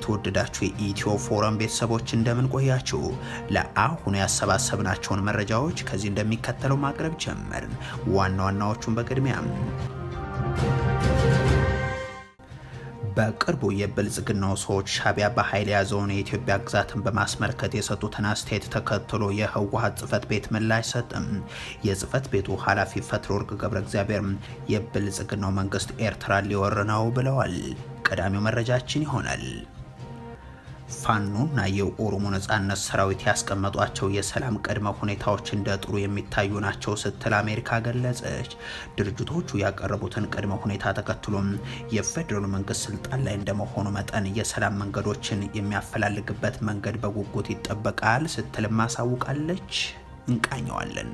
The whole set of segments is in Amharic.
የተወደዳችሁ የኢትዮ ፎረም ቤተሰቦች እንደምን ቆያችሁ? ለአሁኑ ያሰባሰብናቸውን መረጃዎች ከዚህ እንደሚከተለው ማቅረብ ጀመርን። ዋና ዋናዎቹን በቅድሚያ በቅርቡ የብልጽግናው ሰዎች ሻቢያ በኃይል የያዘውን የኢትዮጵያ ግዛትን በማስመልከት የሰጡትን አስተያየት ተከትሎ የህወሀት ጽህፈት ቤት ምላሽ ሰጥም። የጽህፈት ቤቱ ኃላፊ ፈትለወርቅ ገብረ እግዚአብሔር የብልጽግናው መንግስት ኤርትራ ሊወር ነው ብለዋል። ቀዳሚው መረጃችን ይሆናል። ፋኖና የኦሮሞ ነጻነት ሰራዊት ያስቀመጧቸው የሰላም ቅድመ ሁኔታዎች እንደ ጥሩ የሚታዩ ናቸው ስትል አሜሪካ ገለጸች። ድርጅቶቹ ያቀረቡትን ቅድመ ሁኔታ ተከትሎም የፌዴራሉ መንግስት ስልጣን ላይ እንደመሆኑ መጠን የሰላም መንገዶችን የሚያፈላልግበት መንገድ በጉጉት ይጠበቃል ስትል ማሳውቃለች። እንቃኘዋለን።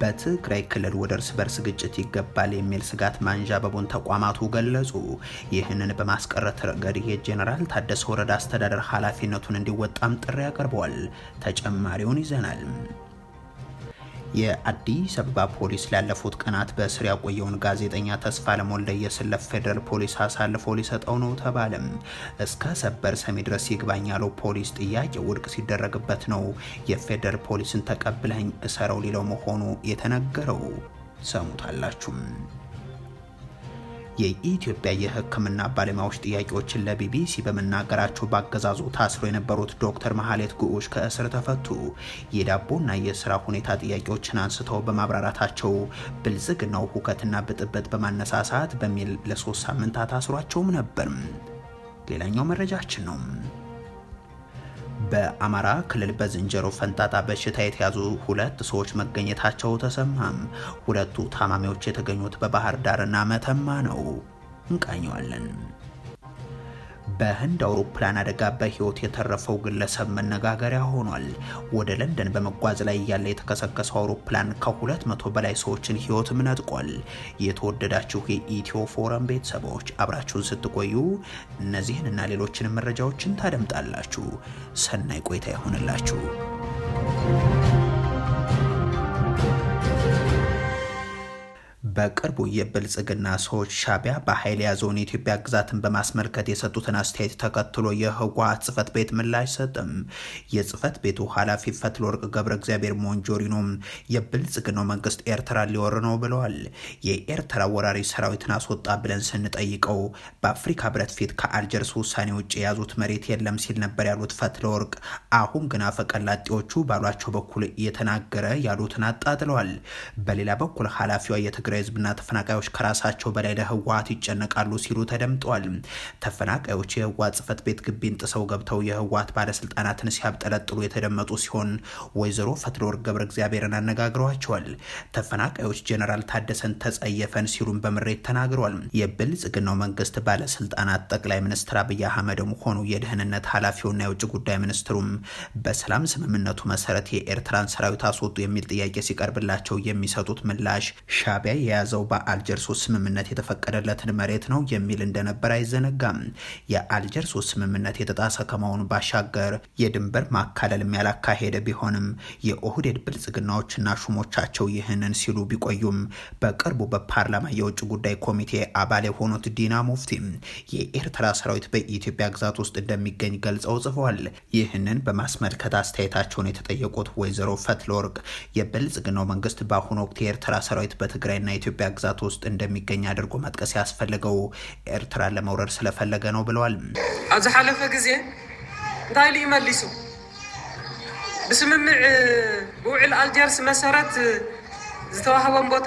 በትግራይ ክልል ወደ እርስ በርስ ግጭት ይገባል የሚል ስጋት ማንዣበቡን ተቋማቱ ገለጹ። ይህንን በማስቀረት ረገድ የጄኔራል ታደሰ ወረደ አስተዳደር ኃላፊነቱን እንዲወጣም ጥሪ አቅርበዋል። ተጨማሪውን ይዘናል። የአዲስ አበባ ፖሊስ ላለፉት ቀናት በእስር ያቆየውን ጋዜጠኛ ተስፋለም ወልደየስን ለፌዴራል ፖሊስ አሳልፎ ሊሰጠው ነው ተባለም። እስከ ሰበር ሰሚ ድረስ ይግባኝ ያለው ፖሊስ ጥያቄ ውድቅ ሲደረግበት ነው የፌደራል ፖሊስን ተቀብለኝ እሰረው ሊለው መሆኑ የተነገረው። ሰሙታላችሁም። የኢትዮጵያ የሕክምና ባለሙያዎች ጥያቄዎችን ለቢቢሲ በመናገራቸው በአገዛዙ ታስሮ የነበሩት ዶክተር መሐሌት ጉዑሽ ከእስር ተፈቱ። የዳቦና የስራ ሁኔታ ጥያቄዎችን አንስተው በማብራራታቸው ብልጽግናው ሁከትና ብጥብጥ በማነሳሳት በሚል ለሶስት ሳምንታት አስሯቸውም ነበር። ሌላኛው መረጃችን ነው። በአማራ ክልል በዝንጀሮ ፈንጣጣ በሽታ የተያዙ ሁለት ሰዎች መገኘታቸው ተሰማም። ሁለቱ ታማሚዎች የተገኙት በባህር ዳርና መተማ ነው። እንቃኘዋለን። በህንድ አውሮፕላን አደጋ በህይወት የተረፈው ግለሰብ መነጋገሪያ ሆኗል። ወደ ለንደን በመጓዝ ላይ እያለ የተከሰከሰው አውሮፕላን ከ200 በላይ ሰዎችን ህይወትም ነጥቋል። የተወደዳችሁ የኢትዮ ፎረም ቤተሰቦች አብራችሁን ስትቆዩ እነዚህንና ሌሎችንም መረጃዎችን ታደምጣላችሁ። ሰናይ ቆይታ ይሆንላችሁ። በቅርቡ የብልጽግና ሰዎች ሻቢያ በኃይል የያዘውን የኢትዮጵያ ግዛትን በማስመልከት የሰጡትን አስተያየት ተከትሎ የህወሓት ጽፈት ቤት ምላሽ ሰጥም። የጽፈት ቤቱ ኃላፊ ፈትለወርቅ ገብረ እግዚአብሔር ሞንጆሪኖም የብልጽግናው መንግስት ኤርትራ ሊወር ነው ብለዋል። የኤርትራ ወራሪ ሰራዊትን አስወጣ ብለን ስንጠይቀው በአፍሪካ ህብረት ፊት ከአልጀርስ ውሳኔ ውጭ የያዙት መሬት የለም ሲል ነበር ያሉት ፈትለወርቅ አሁን ግን አፈቀላጤዎቹ ባሏቸው በኩል እየተናገረ ያሉትን አጣጥለዋል። በሌላ በኩል ኃላፊዋ የትግራይ ህዝብና ተፈናቃዮች ከራሳቸው በላይ ለህወሀት ይጨነቃሉ ሲሉ ተደምጠዋል። ተፈናቃዮች የህወሀት ጽህፈት ቤት ግቢን ጥሰው ገብተው የህወሀት ባለስልጣናትን ሲያብጠለጥሉ የተደመጡ ሲሆን ወይዘሮ ፈትለወርቅ ገብረ እግዚአብሔርን አነጋግረዋቸዋል። ተፈናቃዮች ጀነራል ታደሰን ተጸየፈን ሲሉም በምሬት ተናግረዋል። የብልጽግናው መንግስት ባለስልጣናት ጠቅላይ ሚኒስትር አብይ አህመድም ሆኑ የደህንነት ኃላፊውና የውጭ ጉዳይ ሚኒስትሩም በሰላም ስምምነቱ መሰረት የኤርትራን ሰራዊት አስወጡ የሚል ጥያቄ ሲቀርብላቸው የሚሰጡት ምላሽ ሻቢያ የያዘው በአልጀርሱ ስምምነት የተፈቀደለትን መሬት ነው የሚል እንደነበር አይዘነጋም። የአልጀርሱ ስምምነት የተጣሰ ከመሆኑ ባሻገር የድንበር ማካለልም ያላካሄደ ቢሆንም የኦህዴድ ብልጽግናዎችና ሹሞቻቸው ይህንን ሲሉ ቢቆዩም በቅርቡ በፓርላማ የውጭ ጉዳይ ኮሚቴ አባል የሆኑት ዲና ሙፍቲ የኤርትራ ሰራዊት በኢትዮጵያ ግዛት ውስጥ እንደሚገኝ ገልጸው ጽፏል። ይህንን በማስመልከት አስተያየታቸውን የተጠየቁት ወይዘሮ ፈትለወርቅ የብልጽግናው መንግስት በአሁኑ ወቅት የኤርትራ ሰራዊት በትግራይና በኢትዮጵያ ግዛት ውስጥ እንደሚገኝ አድርጎ መጥቀስ ያስፈለገው ኤርትራ ለመውረር ስለፈለገ ነው ብለዋል። ኣብ ዝሓለፈ ጊዜ እንታይ ልዩ መሊሱ ብስምምዕ ውዕል አልጀርስ መሰረት ዝተዋህቦም ቦታ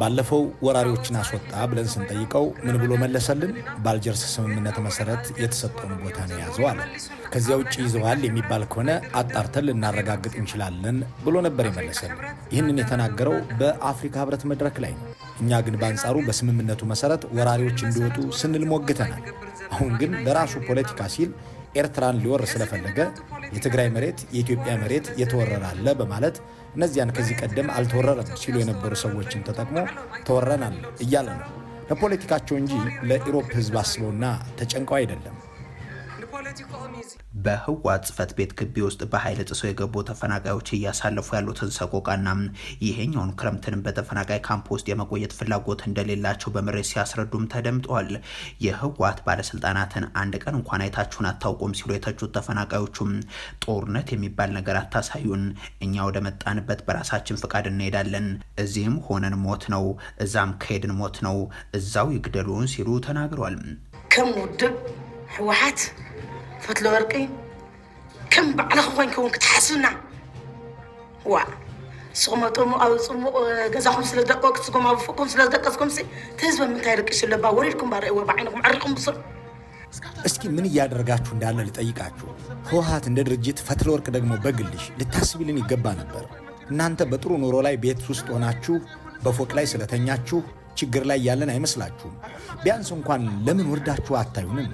ባለፈው ወራሪዎችን አስወጣ ብለን ስንጠይቀው ምን ብሎ መለሰልን? በአልጀርስ ስምምነት መሰረት የተሰጠውን ቦታ ነው የያዘው አለ። ከዚያ ውጭ ይዘዋል የሚባል ከሆነ አጣርተን ልናረጋግጥ እንችላለን ብሎ ነበር የመለሰልን። ይህንን የተናገረው በአፍሪካ ሕብረት መድረክ ላይ ነው። እኛ ግን በአንጻሩ በስምምነቱ መሰረት ወራሪዎች እንዲወጡ ስንል ሞግተናል። አሁን ግን በራሱ ፖለቲካ ሲል ኤርትራን ሊወር ስለፈለገ የትግራይ መሬት የኢትዮጵያ መሬት የተወረረ አለ በማለት እነዚያን ከዚህ ቀደም አልተወረረም ሲሉ የነበሩ ሰዎችን ተጠቅሞ ተወረናል እያለ ነው። ለፖለቲካቸው እንጂ ለኢሮፕ ህዝብ አስበውና ተጨንቀው አይደለም። በህወሓት ጽፈት ቤት ግቢ ውስጥ በኃይል ጥሰው የገቡ ተፈናቃዮች እያሳለፉ ያሉትን ሰቆቃና ይሄኛውን ክረምትንም በተፈናቃይ ካምፕ ውስጥ የመቆየት ፍላጎት እንደሌላቸው በምሬት ሲያስረዱም ተደምጠዋል። የህወሓት ባለስልጣናትን አንድ ቀን እንኳን አይታችሁን አታውቁም ሲሉ የተቹት ተፈናቃዮቹም ጦርነት የሚባል ነገር አታሳዩን፣ እኛ ወደ መጣንበት በራሳችን ፍቃድ እንሄዳለን፣ እዚህም ሆነን ሞት ነው፣ እዛም ከሄድን ሞት ነው፣ እዛው ይግደሉን ሲሉ ተናግረዋል። ከም ውድብ ህወሓት ፈትሎ ወርቂ ከም ባዕልኻ ኮንክ እውን ክትሓስብና ዋ ስቕመጦሙ ኣብ ፅሙቕ ገዛኹም ስለዝደቀቅስኩም ኣብ ፍቅኩም ስለዝደቀስኩም ተህዝበ ምንታይ ርቂሱ ኣለባ ወሪድኩም ባርእዎ ብዓይነኩም ዓሪኩም ብስር እስኪ ምን እያደረጋችሁ እንዳለ ልጠይቃችሁ። ህወሓት እንደ ድርጅት ፈትለ ወርቅ ደግሞ በግልሽ ልታስብልን ይገባ ነበር። እናንተ በጥሩ ኑሮ ላይ ቤት ውስጥ ሆናችሁ በፎቅ ላይ ስለተኛችሁ ችግር ላይ ያለን አይመስላችሁም። ቢያንስ እንኳን ለምን ወርዳችሁ አታዩንም?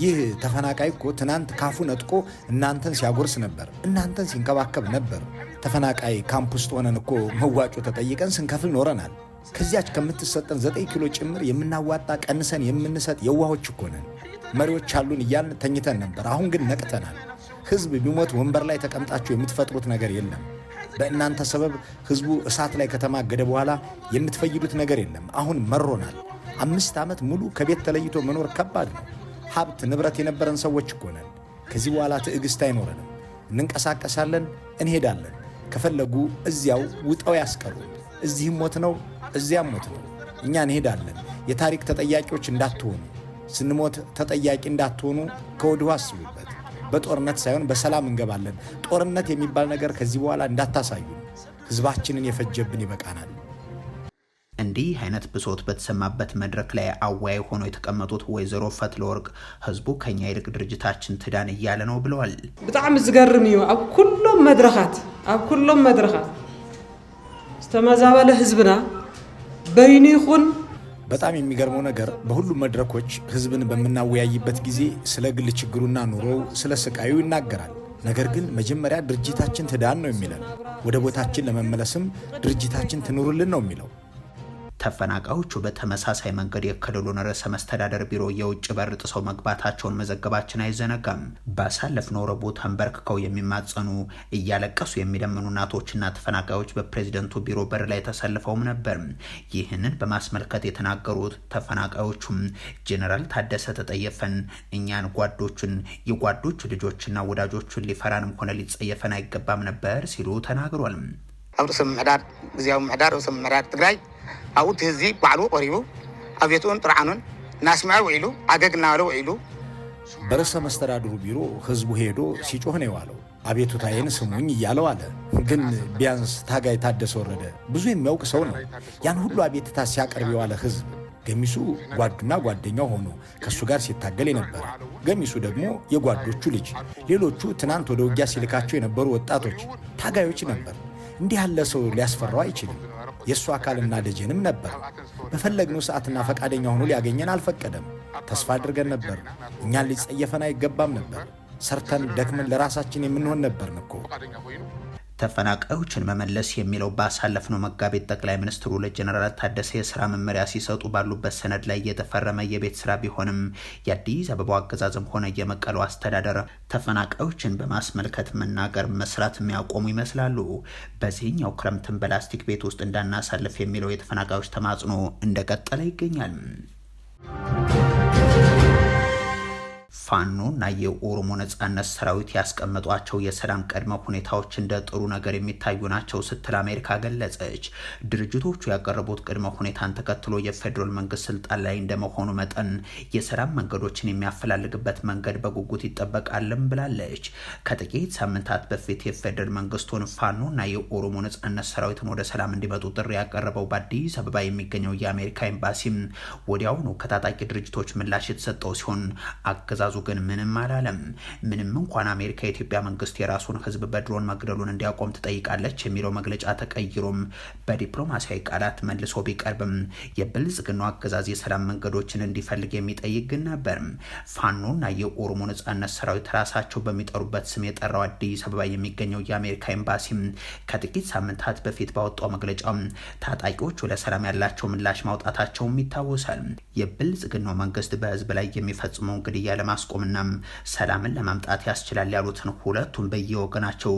ይህ ተፈናቃይ እኮ ትናንት ካፉ ነጥቆ እናንተን ሲያጎርስ ነበር፣ እናንተን ሲንከባከብ ነበር። ተፈናቃይ ካምፕ ውስጥ ሆነን እኮ መዋጮ ተጠይቀን ስንከፍል ኖረናል። ከዚያች ከምትሰጠን ዘጠኝ ኪሎ ጭምር የምናዋጣ ቀንሰን የምንሰጥ የዋሆች እኮ ነን። መሪዎች አሉን እያልን ተኝተን ነበር። አሁን ግን ነቅተናል። ህዝብ ቢሞት ወንበር ላይ ተቀምጣችሁ የምትፈጥሩት ነገር የለም። በእናንተ ሰበብ ህዝቡ እሳት ላይ ከተማገደ በኋላ የምትፈይዱት ነገር የለም። አሁን መሮናል። አምስት ዓመት ሙሉ ከቤት ተለይቶ መኖር ከባድ ነው። ሀብት ንብረት የነበረን ሰዎች እኮ ነን። ከዚህ በኋላ ትዕግስት አይኖረንም። እንንቀሳቀሳለን፣ እንሄዳለን። ከፈለጉ እዚያው ውጠው ያስቀሩ። እዚህም ሞት ነው፣ እዚያም ሞት ነው። እኛ እንሄዳለን። የታሪክ ተጠያቂዎች እንዳትሆኑ፣ ስንሞት ተጠያቂ እንዳትሆኑ ከወዲሁ አስቡበት። በጦርነት ሳይሆን በሰላም እንገባለን። ጦርነት የሚባል ነገር ከዚህ በኋላ እንዳታሳዩ። ሕዝባችንን የፈጀብን ይበቃናል። እንዲህ አይነት ብሶት በተሰማበት መድረክ ላይ አወያይ ሆኖ የተቀመጡት ወይዘሮ ፈትለወርቅ ህዝቡ ከኛ ይልቅ ድርጅታችን ትዳን እያለ ነው ብለዋል። በጣም ዝገርም እዩ ኣብ ኩሎም መድረካት ኣብ ኩሎም መድረካት ዝተመዛበለ ህዝብና በይኑ ይኹን በጣም የሚገርመው ነገር በሁሉም መድረኮች ህዝብን በምናወያይበት ጊዜ ስለ ግል ችግሩና ኑሮው ስለ ስቃዩ ይናገራል። ነገር ግን መጀመሪያ ድርጅታችን ትዳን ነው የሚለን። ወደ ቦታችን ለመመለስም ድርጅታችን ትኑርልን ነው የሚለው። ተፈናቃዮቹ በተመሳሳይ መንገድ የክልሉን ርዕሰ መስተዳደር ቢሮ የውጭ በር ጥሰው መግባታቸውን መዘገባችን አይዘነጋም። ባሳለፍነው ረቡዕ ተንበርክከው የሚማጸኑ እያለቀሱ የሚለምኑ እናቶችና ተፈናቃዮች በፕሬዝደንቱ ቢሮ በር ላይ ተሰልፈውም ነበር። ይህንን በማስመልከት የተናገሩት ተፈናቃዮቹም ጄኔራል ታደሰ ተጠየፈን እኛን ጓዶቹን የጓዶቹ ልጆችና ወዳጆቹን ሊፈራንም ሆነ ሊጸየፈን አይገባም ነበር ሲሉ ተናግሯል። ኣብ ርእሰ ምምሕዳር ግዜያዊ ምሕዳር ርእሰ ምምሕዳር ትግራይ ኣብኡ እቲ ህዝቢ ባዕሉ ቀሪቡ ኣብ ቤትኡን ጥርዓኑን ናስምዐ ውዒሉ ኣገግ እናበለ ውዒሉ በርዕሰ መስተዳድሩ ቢሮ ህዝቡ ሄዶ ሲጮህ ነው የዋለው። አቤቱታዬን ስሙኝ እያለው አለ። ግን ቢያንስ ታጋይ ታደሰ ወረደ ብዙ የሚያውቅ ሰው ነው። ያን ሁሉ አቤቱታ ሲያቀርብ የዋለ ህዝብ ገሚሱ ጓዱና ጓደኛው ሆኖ ከእሱ ጋር ሲታገል የነበረ ገሚሱ ደግሞ የጓዶቹ ልጅ፣ ሌሎቹ ትናንት ወደ ውጊያ ሲልካቸው የነበሩ ወጣቶች ታጋዮች ነበር። እንዲህ ያለ ሰው ሊያስፈራው አይችልም። የእሱ አካልና ልጅንም ነበር። በፈለግነው ሰዓትና ፈቃደኛ ሆኖ ሊያገኘን አልፈቀደም። ተስፋ አድርገን ነበር። እኛን ሊጸየፈን አይገባም ነበር። ሰርተን ደክመን ለራሳችን የምንሆን ነበርን እኮ። ተፈናቃዮችን መመለስ የሚለው ባሳለፍነው መጋቢት ጠቅላይ ሚኒስትሩ ለጀነራል ታደሰ የስራ መመሪያ ሲሰጡ ባሉበት ሰነድ ላይ የተፈረመ የቤት ስራ ቢሆንም የአዲስ አበባው አገዛዝም ሆነ የመቀለው አስተዳደር ተፈናቃዮችን በማስመልከት መናገር፣ መስራት የሚያቆሙ ይመስላሉ። በዚህኛው ክረምትን በላስቲክ ቤት ውስጥ እንዳናሳልፍ የሚለው የተፈናቃዮች ተማጽኖ እንደቀጠለ ይገኛል። ፋኖና የኦሮሞ ነጻነት ሰራዊት ያስቀመጧቸው የሰላም ቅድመ ሁኔታዎች እንደ ጥሩ ነገር የሚታዩ ናቸው ስትል አሜሪካ ገለጸች። ድርጅቶቹ ያቀረቡት ቅድመ ሁኔታን ተከትሎ የፌዴራል መንግስት ስልጣን ላይ እንደመሆኑ መጠን የሰላም መንገዶችን የሚያፈላልግበት መንገድ በጉጉት ይጠበቃልም ብላለች። ከጥቂት ሳምንታት በፊት የፌዴራል መንግስቱን ፋኖና የኦሮሞ ነጻነት ሰራዊትን ወደ ሰላም እንዲመጡ ጥሪ ያቀረበው በአዲስ አበባ የሚገኘው የአሜሪካ ኤምባሲም ወዲያውኑ ከታጣቂ ድርጅቶች ምላሽ የተሰጠው ሲሆን አገዛዙ ግን ምንም አላለም። ምንም እንኳን አሜሪካ የኢትዮጵያ መንግስት የራሱን ህዝብ በድሮን መግደሉን እንዲያቆም ትጠይቃለች የሚለው መግለጫ ተቀይሮም በዲፕሎማሲያዊ ቃላት መልሶ ቢቀርብም የብልጽግናው አገዛዝ የሰላም መንገዶችን እንዲፈልግ የሚጠይቅ ግን ነበር። ፋኖና የኦሮሞ ነጻነት ሰራዊት ራሳቸው በሚጠሩበት ስም የጠራው አዲስ አበባ የሚገኘው የአሜሪካ ኤምባሲ ከጥቂት ሳምንታት በፊት ባወጣው መግለጫ ታጣቂዎቹ ለሰላም ያላቸው ምላሽ ማውጣታቸውም ይታወሳል። የብልጽግናው መንግስት በህዝብ ላይ የሚፈጽመው እንግዲህ ለማ ለማስቆምና ሰላምን ለማምጣት ያስችላል ያሉትን ሁለቱም በየወገናቸው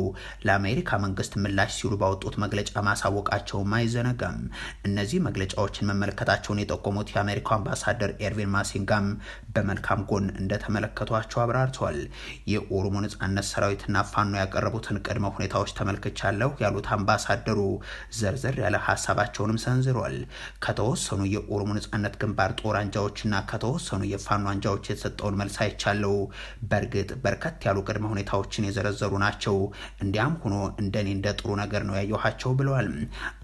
ለአሜሪካ መንግስት ምላሽ ሲሉ ባወጡት መግለጫ ማሳወቃቸውም አይዘነጋም። እነዚህ መግለጫዎችን መመልከታቸውን የጠቆሙት የአሜሪካ አምባሳደር ኤርቪን ማሲንጋም በመልካም ጎን እንደተመለከቷቸው አብራርተዋል። የኦሮሞ ነጻነት ሰራዊትና ፋኖ ያቀረቡትን ቅድመ ሁኔታዎች ተመልክቻለሁ ያሉት አምባሳደሩ ዘርዘር ያለ ሀሳባቸውንም ሰንዝረዋል። ከተወሰኑ የኦሮሞ ነጻነት ግንባር ጦር አንጃዎችና ከተወሰኑ የፋኖ አንጃዎች የተሰጠውን መልስ አይቻለው። በእርግጥ በርከት ያሉ ቅድመ ሁኔታዎችን የዘረዘሩ ናቸው። እንዲያም ሆኖ እንደኔ እንደ ጥሩ ነገር ነው ያየኋቸው ብለዋል።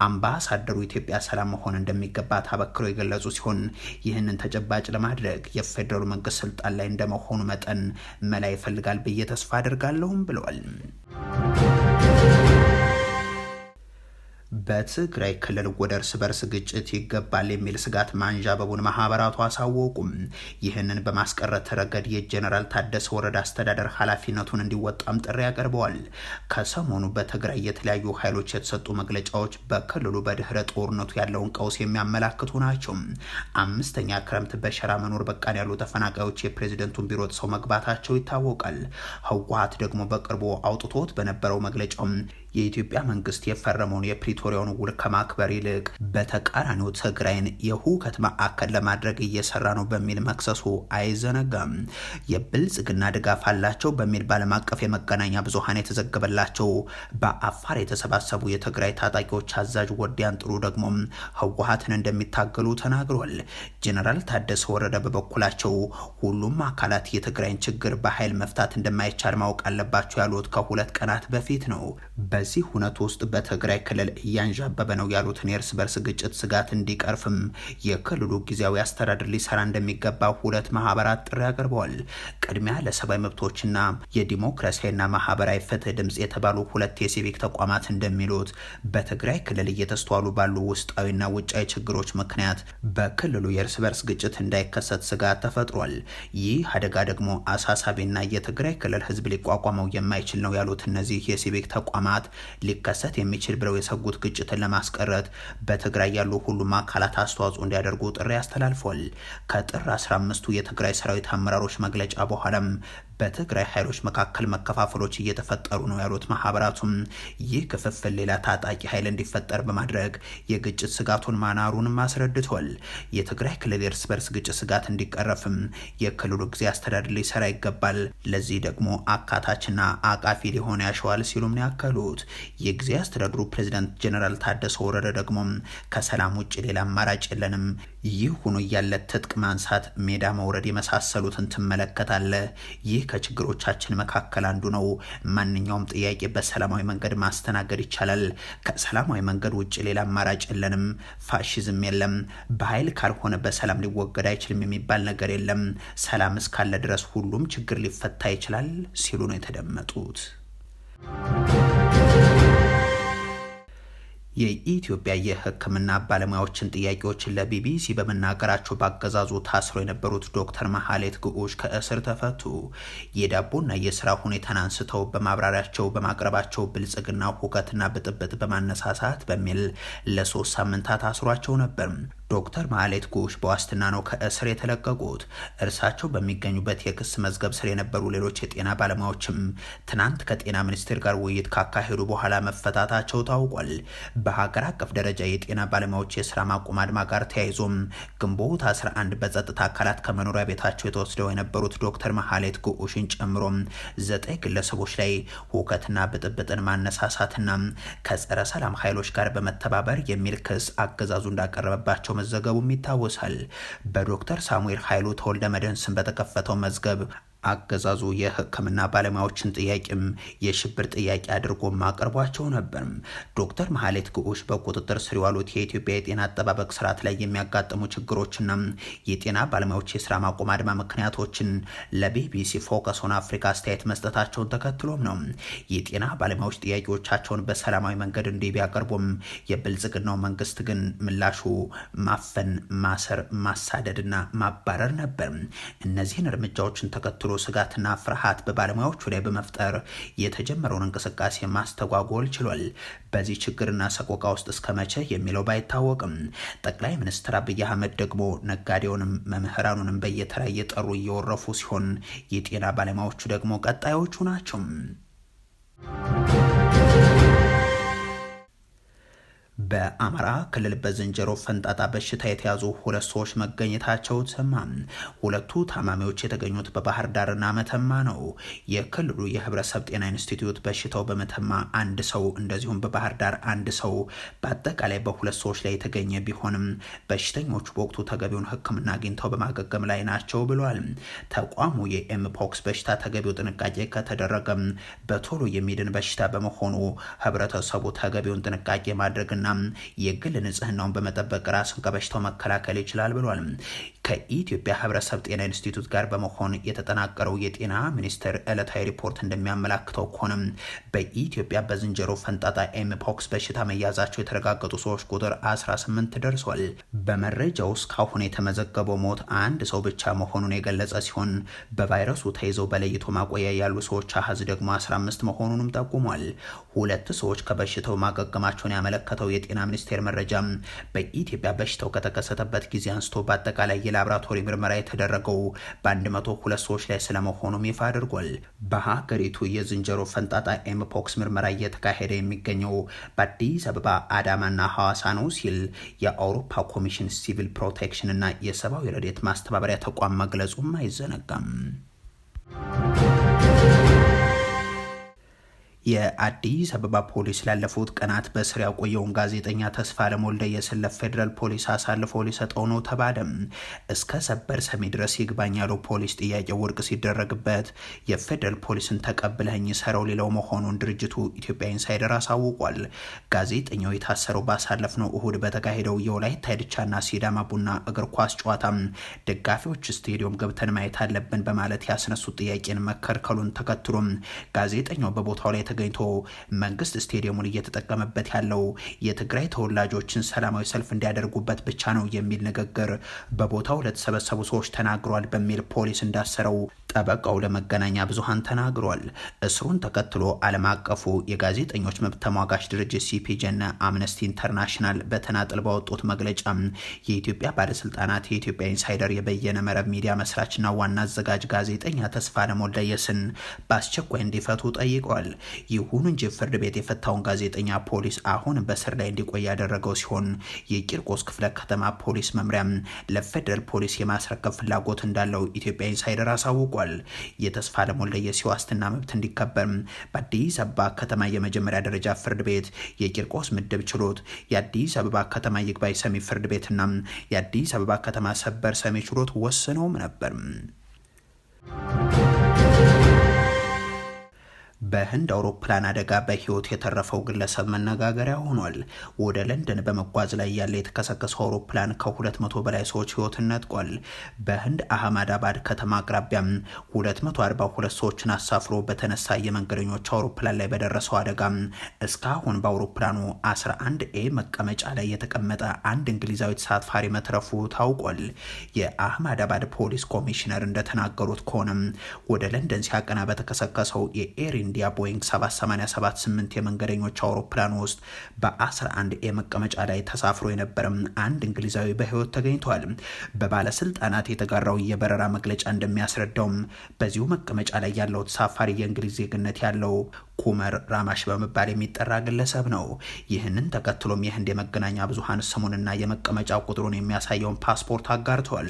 አምባሳደሩ ኢትዮጵያ ሰላም መሆን እንደሚገባት አበክረው የገለጹ ሲሆን ይህንን ተጨባጭ ለማድረግ የፌዴራሉ መንግስት ስልጣን ላይ እንደመሆኑ መጠን መላ ይፈልጋል ብዬ ተስፋ አድርጋለሁም ብለዋል። በትግራይ ክልል ወደ እርስ በርስ ግጭት ይገባል የሚል ስጋት ማንዣበቡን ማህበራቱ አሳወቁም። ይህንን በማስቀረት ረገድ የጀነራል ታደሰ ወረደ አስተዳደር ኃላፊነቱን እንዲወጣም ጥሪ ያቀርበዋል። ከሰሞኑ በትግራይ የተለያዩ ኃይሎች የተሰጡ መግለጫዎች በክልሉ በድህረ ጦርነቱ ያለውን ቀውስ የሚያመላክቱ ናቸው። አምስተኛ ክረምት በሸራ መኖር በቃን ያሉ ተፈናቃዮች የፕሬዝደንቱን ቢሮ ጥሰው መግባታቸው ይታወቃል። ህወሀት ደግሞ በቅርቡ አውጥቶት በነበረው መግለጫው የኢትዮጵያ መንግስት የፈረመውን የፕሪቶሪያውን ውል ከማክበር ይልቅ በተቃራኒው ትግራይን የሁከት ማዕከል ለማድረግ እየሰራ ነው በሚል መክሰሱ አይዘነጋም። የብልጽግና ድጋፍ አላቸው በሚል ባለም አቀፍ የመገናኛ ብዙሀን የተዘገበላቸው በአፋር የተሰባሰቡ የትግራይ ታጣቂዎች አዛዥ ወዲያን ጥሩ ደግሞ ህወሀትን እንደሚታገሉ ተናግሯል። ጀነራል ታደሰ ወረደ በበኩላቸው ሁሉም አካላት የትግራይን ችግር በኃይል መፍታት እንደማይቻል ማወቅ አለባቸው ያሉት ከሁለት ቀናት በፊት ነው። በዚህ ሁነት ውስጥ በትግራይ ክልል እያንዣበበ ነው ያሉትን የእርስ በርስ ግጭት ስጋት እንዲቀርፍም የክልሉ ጊዜያዊ አስተዳደር ሊሰራ እንደሚገባ ሁለት ማህበራት ጥሪ አቅርበዋል። ቅድሚያ ለሰብአዊ መብቶችና የዲሞክራሲያዊና ማህበራዊ ፍትህ ድምፅ የተባሉ ሁለት የሲቪክ ተቋማት እንደሚሉት በትግራይ ክልል እየተስተዋሉ ባሉ ውስጣዊና ውጫዊ ችግሮች ምክንያት በክልሉ የእርስ በርስ ግጭት እንዳይከሰት ስጋት ተፈጥሯል። ይህ አደጋ ደግሞ አሳሳቢና የትግራይ ክልል ህዝብ ሊቋቋመው የማይችል ነው ያሉት እነዚህ የሲቪክ ተቋማት ሊከሰት የሚችል ብለው የሰጉት ግጭትን ለማስቀረት በትግራይ ያሉ ሁሉም አካላት አስተዋጽኦ እንዲያደርጉ ጥሪ አስተላልፏል። ከጥር 15ቱ የትግራይ ሰራዊት አመራሮች መግለጫ በኋላም በትግራይ ኃይሎች መካከል መከፋፈሎች እየተፈጠሩ ነው ያሉት ማህበራቱም ይህ ክፍፍል ሌላ ታጣቂ ኃይል እንዲፈጠር በማድረግ የግጭት ስጋቱን ማናሩንም አስረድቷል። የትግራይ ክልል የእርስ በርስ ግጭት ስጋት እንዲቀረፍም የክልሉ ጊዜ አስተዳደር ሊሰራ ይገባል። ለዚህ ደግሞ አካታችና አቃፊ ሊሆን ያሸዋል ሲሉም ነው ያከሉት። የጊዜ አስተዳድሩ ፕሬዚዳንት ጀኔራል ታደሰ ወረደ ደግሞ ከሰላም ውጭ ሌላ አማራጭ የለንም፣ ይህ ሆኖ እያለ ትጥቅ ማንሳት፣ ሜዳ መውረድ የመሳሰሉትን ትመለከታለ ይህ ከችግሮቻችን መካከል አንዱ ነው። ማንኛውም ጥያቄ በሰላማዊ መንገድ ማስተናገድ ይቻላል። ከሰላማዊ መንገድ ውጭ ሌላ አማራጭ የለንም። ፋሽዝም የለም። በኃይል ካልሆነ በሰላም ሊወገድ አይችልም የሚባል ነገር የለም። ሰላም እስካለ ድረስ ሁሉም ችግር ሊፈታ ይችላል ሲሉ ነው የተደመጡት። የኢትዮጵያ የሕክምና ባለሙያዎችን ጥያቄዎችን ለቢቢሲ በመናገራቸው በአገዛዙ ታስረው የነበሩት ዶክተር መሐሌት ግዑሽ ከእስር ተፈቱ። የዳቦና የስራ ሁኔታን አንስተው በማብራሪያቸው በማቅረባቸው ብልጽግና ሁከትና ብጥብጥ በማነሳሳት በሚል ለሶስት ሳምንታት አስሯቸው ነበር። ዶክተር ማህሌት ጎሽ በዋስትና ነው ከእስር የተለቀቁት። እርሳቸው በሚገኙበት የክስ መዝገብ ስር የነበሩ ሌሎች የጤና ባለሙያዎችም ትናንት ከጤና ሚኒስቴር ጋር ውይይት ካካሄዱ በኋላ መፈታታቸው ታውቋል። በሀገር አቀፍ ደረጃ የጤና ባለሙያዎች የስራ ማቆም አድማ ጋር ተያይዞም ግንቦት 11 በጸጥታ አካላት ከመኖሪያ ቤታቸው የተወስደው የነበሩት ዶክተር ማህሌት ጎሽን ጨምሮ ዘጠኝ ግለሰቦች ላይ ሁከትና ብጥብጥን ማነሳሳትና ከጸረ ሰላም ኃይሎች ጋር በመተባበር የሚል ክስ አገዛዙ እንዳቀረበባቸው መዘገቡም ይታወሳል። በዶክተር ሳሙኤል ኃይሉ ተወልደ መድህን ስም በተከፈተው መዝገብ አገዛዙ የሕክምና ባለሙያዎችን ጥያቄም የሽብር ጥያቄ አድርጎ ማቅርቧቸው ነበር። ዶክተር መሐሌት ግዑሽ በቁጥጥር ስር የዋሉት የኢትዮጵያ የጤና አጠባበቅ ስርዓት ላይ የሚያጋጥሙ ችግሮችና የጤና ባለሙያዎች የስራ ማቆም አድማ ምክንያቶችን ለቢቢሲ ፎከስ ኦን አፍሪካ አስተያየት መስጠታቸውን ተከትሎም ነው። የጤና ባለሙያዎች ጥያቄዎቻቸውን በሰላማዊ መንገድ እንዲህ ቢያቀርቡም የብልጽግናው መንግስት ግን ምላሹ ማፈን፣ ማሰር፣ ማሳደድና ማባረር ነበር። እነዚህን እርምጃዎችን ተከትሎ ችግሩ ስጋትና ፍርሃት በባለሙያዎቹ ላይ በመፍጠር የተጀመረውን እንቅስቃሴ ማስተጓጎል ችሏል። በዚህ ችግርና ሰቆቃ ውስጥ እስከ መቼ የሚለው ባይታወቅም ጠቅላይ ሚኒስትር አብይ አህመድ ደግሞ ነጋዴውንም መምህራኑንም በየተራ እየጠሩ እየወረፉ ሲሆን የጤና ባለሙያዎቹ ደግሞ ቀጣዮቹ ናቸው። በአማራ ክልል በዝንጀሮ ፈንጣጣ በሽታ የተያዙ ሁለት ሰዎች መገኘታቸው ተሰማ። ሁለቱ ታማሚዎች የተገኙት በባህር ዳርና መተማ ነው። የክልሉ የህብረተሰብ ጤና ኢንስቲትዩት በሽታው በመተማ አንድ ሰው እንደዚሁም በባህር ዳር አንድ ሰው በአጠቃላይ በሁለት ሰዎች ላይ የተገኘ ቢሆንም በሽተኞቹ በወቅቱ ተገቢውን ሕክምና አግኝተው በማገገም ላይ ናቸው ብሏል። ተቋሙ የኤምፖክስ በሽታ ተገቢው ጥንቃቄ ከተደረገም በቶሎ የሚድን በሽታ በመሆኑ ህብረተሰቡ ተገቢውን ጥንቃቄ ማድረግና የግል ንጽህናውን በመጠበቅ ራሱን ከበሽታው መከላከል ይችላል ብሏል። ከኢትዮጵያ ህብረተሰብ ጤና ኢንስቲትዩት ጋር በመሆን የተጠናቀረው የጤና ሚኒስቴር ዕለታዊ ሪፖርት እንደሚያመላክተው ከሆነም በኢትዮጵያ በዝንጀሮ ፈንጣጣ ኤምፖክስ በሽታ መያዛቸው የተረጋገጡ ሰዎች ቁጥር 18 ደርሷል። በመረጃው እስካሁን የተመዘገበው ሞት አንድ ሰው ብቻ መሆኑን የገለጸ ሲሆን በቫይረሱ ተይዘው በለይቶ ማቆያ ያሉ ሰዎች አሀዝ ደግሞ 15 መሆኑንም ጠቁሟል። ሁለት ሰዎች ከበሽታው ማገገማቸውን ያመለከተው የጤና ሚኒስቴር መረጃ በኢትዮጵያ በሽታው ከተከሰተበት ጊዜ አንስቶ በአጠቃላይ የላብራቶሪ ምርመራ የተደረገው በ102 ሰዎች ላይ ስለመሆኑም ይፋ አድርጓል። በሀገሪቱ የዝንጀሮ ፈንጣጣ ኤምፖክስ ምርመራ እየተካሄደ የሚገኘው በአዲስ አበባ፣ አዳማና ሐዋሳ ነው ሲል የአውሮፓ ኮሚሽን ሲቪል ፕሮቴክሽን እና የሰብአዊ ረዴት ማስተባበሪያ ተቋም መግለጹም አይዘነጋም። የአዲስ አበባ ፖሊስ ላለፉት ቀናት በስር ያቆየውን ጋዜጠኛ ተስፋለም ወልደየስን ለፌዴራል ፖሊስ አሳልፎ ሊሰጠው ነው ተባለም። እስከ ሰበር ሰሚ ድረስ ይግባኝ ያለው ፖሊስ ጥያቄ ውድቅ ሲደረግበት የፌዴራል ፖሊስን ተቀብለኝ ሰረው ሌለው መሆኑን ድርጅቱ ኢትዮጵያ ኢንሳይደር አሳውቋል። ጋዜጠኛው የታሰረው ባሳለፍነው እሁድ በተካሄደው የወላይታ ድቻና ሲዳማ ቡና እግር ኳስ ጨዋታ ደጋፊዎች ስቴዲዮም ገብተን ማየት አለብን በማለት ያስነሱት ጥያቄን መከልከሉን ተከትሎም ጋዜጠኛው በቦታው ላይ ተገኝቶ መንግስት ስቴዲየሙን እየተጠቀመበት ያለው የትግራይ ተወላጆችን ሰላማዊ ሰልፍ እንዲያደርጉበት ብቻ ነው የሚል ንግግር በቦታው ለተሰበሰቡ ሰዎች ተናግሯል በሚል ፖሊስ እንዳሰረው ጠበቃው ለመገናኛ ብዙሃን ተናግሯል። እስሩን ተከትሎ ዓለም አቀፉ የጋዜጠኞች መብት ተሟጋች ድርጅት ሲፒጄና አምነስቲ ኢንተርናሽናል በተናጥል ባወጡት መግለጫ የኢትዮጵያ ባለስልጣናት የኢትዮጵያ ኢንሳይደር የበየነ መረብ ሚዲያ መስራችና ዋና አዘጋጅ ጋዜጠኛ ተስፋለም ወልደየስን በአስቸኳይ እንዲፈቱ ጠይቀዋል። ይሁን እንጂ ፍርድ ቤት የፈታውን ጋዜጠኛ ፖሊስ አሁን በስር ላይ እንዲቆይ ያደረገው ሲሆን የቂርቆስ ክፍለ ከተማ ፖሊስ መምሪያም ለፌደራል ፖሊስ የማስረከብ ፍላጎት እንዳለው ኢትዮጵያ ኢንሳይደር አሳውቋል። የተስፋለም ወልደየስ ዋስትና መብት እንዲከበር በአዲስ አበባ ከተማ የመጀመሪያ ደረጃ ፍርድ ቤት የቂርቆስ ምድብ ችሎት፣ የአዲስ አበባ ከተማ ይግባኝ ሰሚ ፍርድ ቤትና የአዲስ አበባ ከተማ ሰበር ሰሚ ችሎት ወስነውም ነበር። በህንድ አውሮፕላን አደጋ በህይወት የተረፈው ግለሰብ መነጋገሪያ ሆኗል። ወደ ለንደን በመጓዝ ላይ ያለ የተከሰከሰው አውሮፕላን ከ200 በላይ ሰዎች ህይወትን ነጥቋል። በህንድ አህማድ አባድ ከተማ አቅራቢያም 242 ሰዎችን አሳፍሮ በተነሳ የመንገደኞች አውሮፕላን ላይ በደረሰው አደጋ እስካሁን በአውሮፕላኑ 11 ኤ መቀመጫ ላይ የተቀመጠ አንድ እንግሊዛዊ ተሳፋሪ መትረፉ ታውቋል። የአህማድ ፖሊስ ኮሚሽነር እንደተናገሩት ከሆነም ወደ ለንደን ሲያቀና በተከሰከሰው የኤሪን የኢንዲያ ቦይንግ 7878 8 የመንገደኞች አውሮፕላን ውስጥ በ11 የመቀመጫ ላይ ተሳፍሮ የነበረም አንድ እንግሊዛዊ በህይወት ተገኝተዋል። በባለስልጣናት የተጋራው የበረራ መግለጫ እንደሚያስረዳውም በዚሁ መቀመጫ ላይ ያለው ተሳፋሪ የእንግሊዝ ዜግነት ያለው ኩመር ራማሽ በመባል የሚጠራ ግለሰብ ነው። ይህንን ተከትሎም የህንድ የመገናኛ ብዙሀን ስሙንና የመቀመጫ ቁጥሩን የሚያሳየውን ፓስፖርት አጋርተዋል።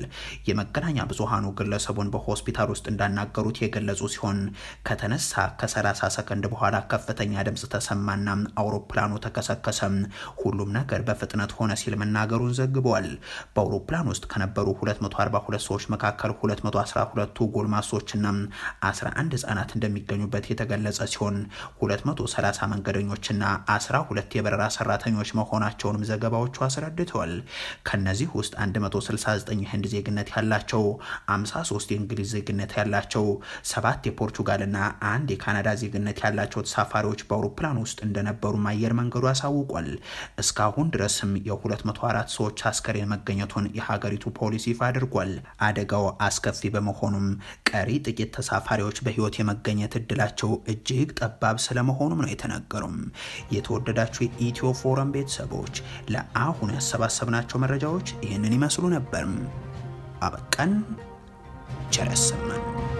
የመገናኛ ብዙሀኑ ግለሰቡን በሆስፒታል ውስጥ እንዳናገሩት የገለጹ ሲሆን ከተነሳ ከ30 ሰከንድ በኋላ ከፍተኛ ድምፅ ተሰማና አውሮፕላኑ ተከሰከሰም፣ ሁሉም ነገር በፍጥነት ሆነ ሲል መናገሩን ዘግቧል። በአውሮፕላን ውስጥ ከነበሩ 242 ሰዎች መካከል 212ቱ ጎልማሶችና 11 ህጻናት እንደሚገኙበት የተገለጸ ሲሆን 230 መንገደኞችና 12 የበረራ ሰራተኞች መሆናቸውንም ዘገባዎቹ አስረድተዋል። ከነዚህ ውስጥ 169 የህንድ ዜግነት ያላቸው፣ 53 የእንግሊዝ ዜግነት ያላቸው፣ ሰባት የፖርቹጋልና አንድ የካናዳ ዜግነት ያላቸው ተሳፋሪዎች በአውሮፕላን ውስጥ እንደነበሩም አየር መንገዱ አሳውቋል። እስካሁን ድረስም የ204 ሰዎች አስከሬን መገኘቱን የሀገሪቱ ፖሊስ ይፋ አድርጓል። አደጋው አስከፊ በመሆኑም ቀሪ ጥቂት ተሳፋሪዎች በህይወት የመገኘት እድላቸው እጅግ ጠባ ጠባብ ስለመሆኑም ነው የተናገሩም። የተወደዳቸው የኢትዮ ፎረም ቤተሰቦች ለአሁን ያሰባሰብናቸው መረጃዎች ይህንን ይመስሉ ነበርም። አበቃን። ቸር ያሰማን።